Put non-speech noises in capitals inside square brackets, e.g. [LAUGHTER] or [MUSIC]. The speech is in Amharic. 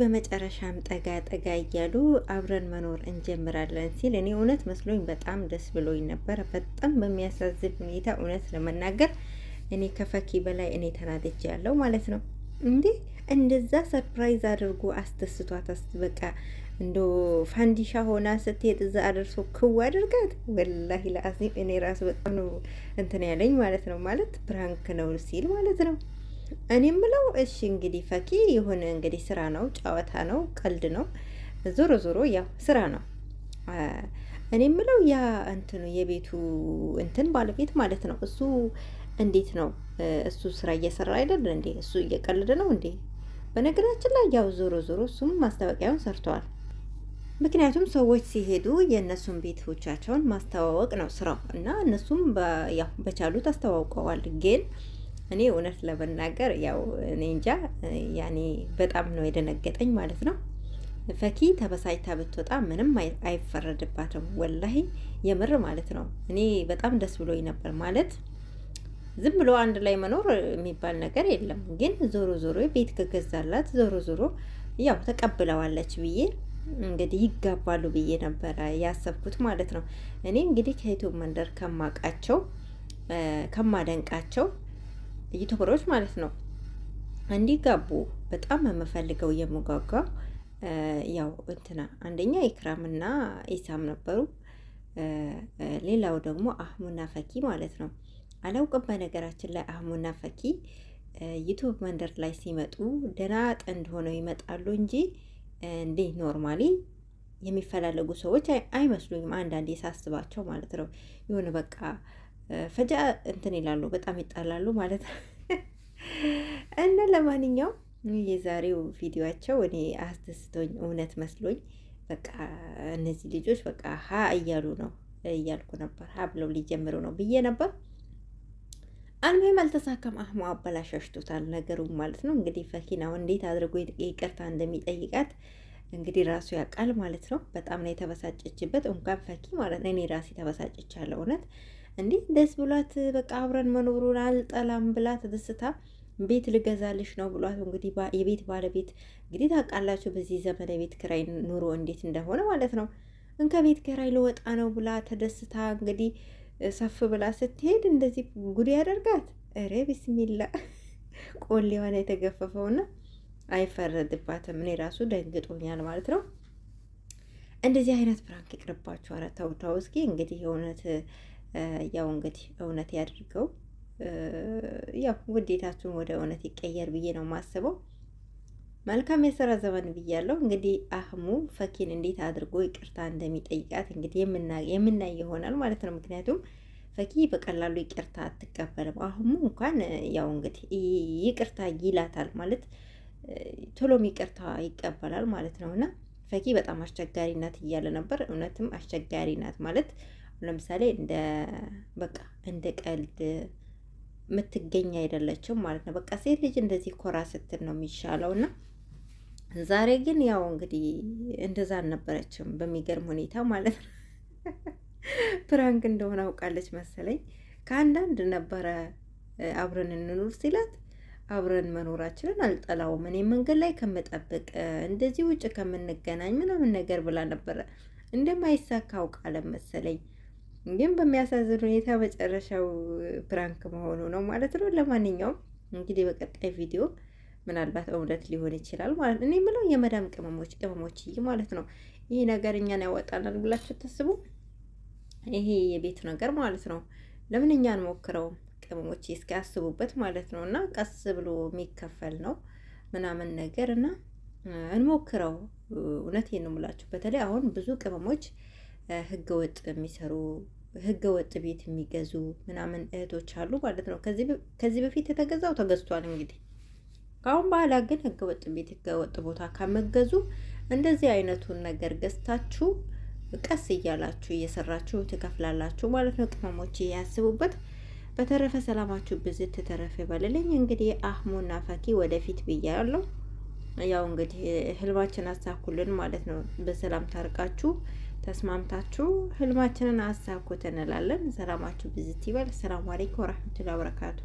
በመጨረሻም ጠጋ ጠጋ እያሉ አብረን መኖር እንጀምራለን ሲል እኔ እውነት መስሎኝ በጣም ደስ ብሎኝ ነበረ። በጣም በሚያሳዝን ሁኔታ እውነት ለመናገር እኔ ከፈኪ በላይ እኔ ተናድጄ ያለው ማለት ነው። እንዴ እንደዛ ሰርፕራይዝ አድርጎ አስደስቷት አስ በቃ እንዶ ፋንዲሻ ሆና ስትሄድ እዛ አደርሶ ክው አድርጋት። ወላሂ ለአዚም እኔ ራሱ በጣም ነው እንትን ያለኝ ማለት ነው። ማለት ፕራንክ ነው ሲል ማለት ነው። እኔ ምለው እሺ እንግዲህ ፈኪ የሆነ እንግዲህ ስራ ነው፣ ጨዋታ ነው፣ ቀልድ ነው። ዞሮ ዞሮ ያው ስራ ነው። እኔ ምለው ያ እንትኑ የቤቱ እንትን ባለቤት ማለት ነው። እሱ እንዴት ነው? እሱ ስራ እየሰራ አይደል እንዴ? እሱ እየቀልድ ነው እንዴ? በነገራችን ላይ ያው ዞሮ ዞሮ እሱም ማስታወቂያውን ሰርተዋል። ምክንያቱም ሰዎች ሲሄዱ የእነሱን ቤቶቻቸውን ማስተዋወቅ ነው ስራው እና እነሱም ያው በቻሉት አስተዋውቀዋል ግን እኔ እውነት ለመናገር ያው እኔ እንጃ ያኔ በጣም ነው የደነገጠኝ ማለት ነው። ፈኪ ተበሳጭታ ብትወጣ ምንም አይፈረድባትም። ወላሂ የምር ማለት ነው። እኔ በጣም ደስ ብሎኝ ነበር ማለት ዝም ብሎ አንድ ላይ መኖር የሚባል ነገር የለም። ግን ዞሮ ዞሮ ቤት ከገዛላት ዞሮ ዞሮ ያው ተቀብለዋለች ብዬ እንግዲህ ይጋባሉ ብዬ ነበረ ያሰብኩት ማለት ነው። እኔ እንግዲህ ከኢትዮ መንደር ከማቃቸው ከማደንቃቸው ዩቱበሮች ማለት ነው እንዲጋቡ በጣም የምፈልገው የምጓጓው ያው እንትና አንደኛ ኢክራምና ኢሳም ነበሩ። ሌላው ደግሞ አህሙና ፈኪ ማለት ነው። አላውቅም በነገራችን ላይ አህሙና ፈኪ ዩቱብ መንደር ላይ ሲመጡ ደህና ጥንድ ሆነው ይመጣሉ እንጂ እንዲህ ኖርማሊ የሚፈላለጉ ሰዎች አይመስሉኝም። አንዳንዴ ሳስባቸው ማለት ነው የሆነ በቃ ፈጃ እንትን ይላሉ፣ በጣም ይጣላሉ ማለት ነው። [LAUGHS] እና ለማንኛው የዛሬው ቪዲዮቸው እኔ አስደስቶኝ እውነት መስሎኝ በቃ እነዚህ ልጆች በቃ ሀ እያሉ ነው እያልኩ ነበር። ሀ ብለው ሊጀምሩ ነው ብዬ ነበር። አልሙሂም አልተሳካም። አህሙ አበላሻሽቶታል ነገሩ ማለት ነው። እንግዲህ ፈኪናው እንዴት አድርጎ ይቅርታ እንደሚጠይቃት እንግዲህ ራሱ ያውቃል ማለት ነው። በጣም ነው የተበሳጨችበት። እንኳን ፈኪ ማለት ነው እኔ ራሴ ተበሳጨቻለሁ እውነት እንዴ ደስ ብሏት በቃ አብረን መኖሩን አልጠላም ብላ ተደስታ ቤት ልገዛልሽ ነው ብሏት እንግዲህ የቤት ባለቤት እንግዲህ ታውቃላችሁ በዚህ ዘመን የቤት ክራይ ኑሮ እንዴት እንደሆነ ማለት ነው። እንከ ቤት ክራይ ልወጣ ነው ብላ ተደስታ እንግዲህ ሰፍ ብላ ስትሄድ እንደዚህ ጉድ ያደርጋት። ኧረ ቢስሚላ [LAUGHS] ቆሌዋን የተገፈፈውና አይፈረድባትም። እኔ ራሱ ደንግጦኛል ማለት ነው። እንደዚህ አይነት ፕራንክ ይቅርባችሁ። ኧረ ተው ተው እስኪ እንግዲህ የእውነት ያው እንግዲህ እውነት ያድርገው። ያው ውዴታችሁን ወደ እውነት ይቀየር ብዬ ነው የማስበው። መልካም የስራ ዘመን ብያለሁ። እንግዲህ አህሙ ፈኪን እንዴት አድርጎ ይቅርታ እንደሚጠይቃት እንግዲህ የምናይ ይሆናል ማለት ነው። ምክንያቱም ፈኪ በቀላሉ ይቅርታ አትቀበልም። አህሙ እንኳን ያው እንግዲህ ይቅርታ ይላታል ማለት ቶሎም ይቅርታ ይቀበላል ማለት ነው እና ፈኪ በጣም አስቸጋሪ ናት እያለ ነበር። እውነትም አስቸጋሪ ናት ማለት ለምሳሌ እንደ በቃ እንደ ቀልድ የምትገኝ አይደለችም ማለት ነው። በቃ ሴት ልጅ እንደዚህ ኮራ ስትል ነው የሚሻለው እና ዛሬ ግን ያው እንግዲህ እንደዛ አልነበረችም በሚገርም ሁኔታ ማለት ነው። [LAUGHS] ፕራንክ እንደሆነ አውቃለች መሰለኝ። ከአንዳንድ ነበረ አብረን እንኑር ሲላት አብረን መኖራችንን አልጠላውም እኔ መንገድ ላይ ከምጠብቅ እንደዚህ ውጭ ከምንገናኝ ምናምን ነገር ብላ ነበረ። እንደማይሳካ አውቃለም መሰለኝ። ግን በሚያሳዝን ሁኔታ መጨረሻው ፕራንክ መሆኑ ነው ማለት ነው። ለማንኛውም እንግዲህ በቀጣይ ቪዲዮ ምናልባት እውነት ሊሆን ይችላል ማለት ነው። እኔ የምለው የመዳም ቅመሞች ቅመሞች ይ ማለት ነው ይህ ነገር እኛን ያወጣናል ብላችሁ ታስቡ። ይሄ የቤቱ ነገር ማለት ነው። ለምን እኛ አንሞክረውም? ቅመሞች እስኪ አስቡበት ማለት ነው። እና ቀስ ብሎ የሚከፈል ነው ምናምን ነገር እና እንሞክረው። እውነቴን ነው የምላችሁ። በተለይ አሁን ብዙ ቅመሞች ህገወጥ የሚሰሩ ህገ ወጥ ቤት የሚገዙ ምናምን እህቶች አሉ ማለት ነው። ከዚህ በፊት የተገዛው ተገዝቷል እንግዲህ ከአሁን በኋላ ግን ህገ ወጥ ቤት ህገ ወጥ ቦታ ከመገዙ እንደዚህ አይነቱን ነገር ገዝታችሁ ቀስ እያላችሁ እየሰራችሁ ትከፍላላችሁ ማለት ነው። ቅመሞች ያስቡበት። በተረፈ ሰላማችሁ ብዝት ተረፈ ይበልልኝ። እንግዲህ አህሙና ፈኪ ወደፊት ብያለሁ። ያው እንግዲህ ህልማችን አሳኩልን ማለት ነው። በሰላም ታርቃችሁ ተስማምታችሁ ህልማችንን አሳኩት እንላለን። ሰላማችሁ ብዝት ይበል። ሰላም አለይኩም ወረህመቱላሂ ወበረካቱሁ።